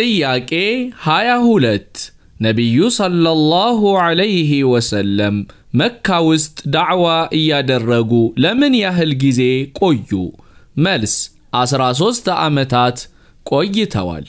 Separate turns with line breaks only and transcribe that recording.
ጥያቄ 22 ነቢዩ ሰለላሁ ዐለይሂ ወሰለም መካ ውስጥ ዳዕዋ እያደረጉ ለምን ያህል ጊዜ ቆዩ? መልስ 13 ዓመታት ቆይተዋል።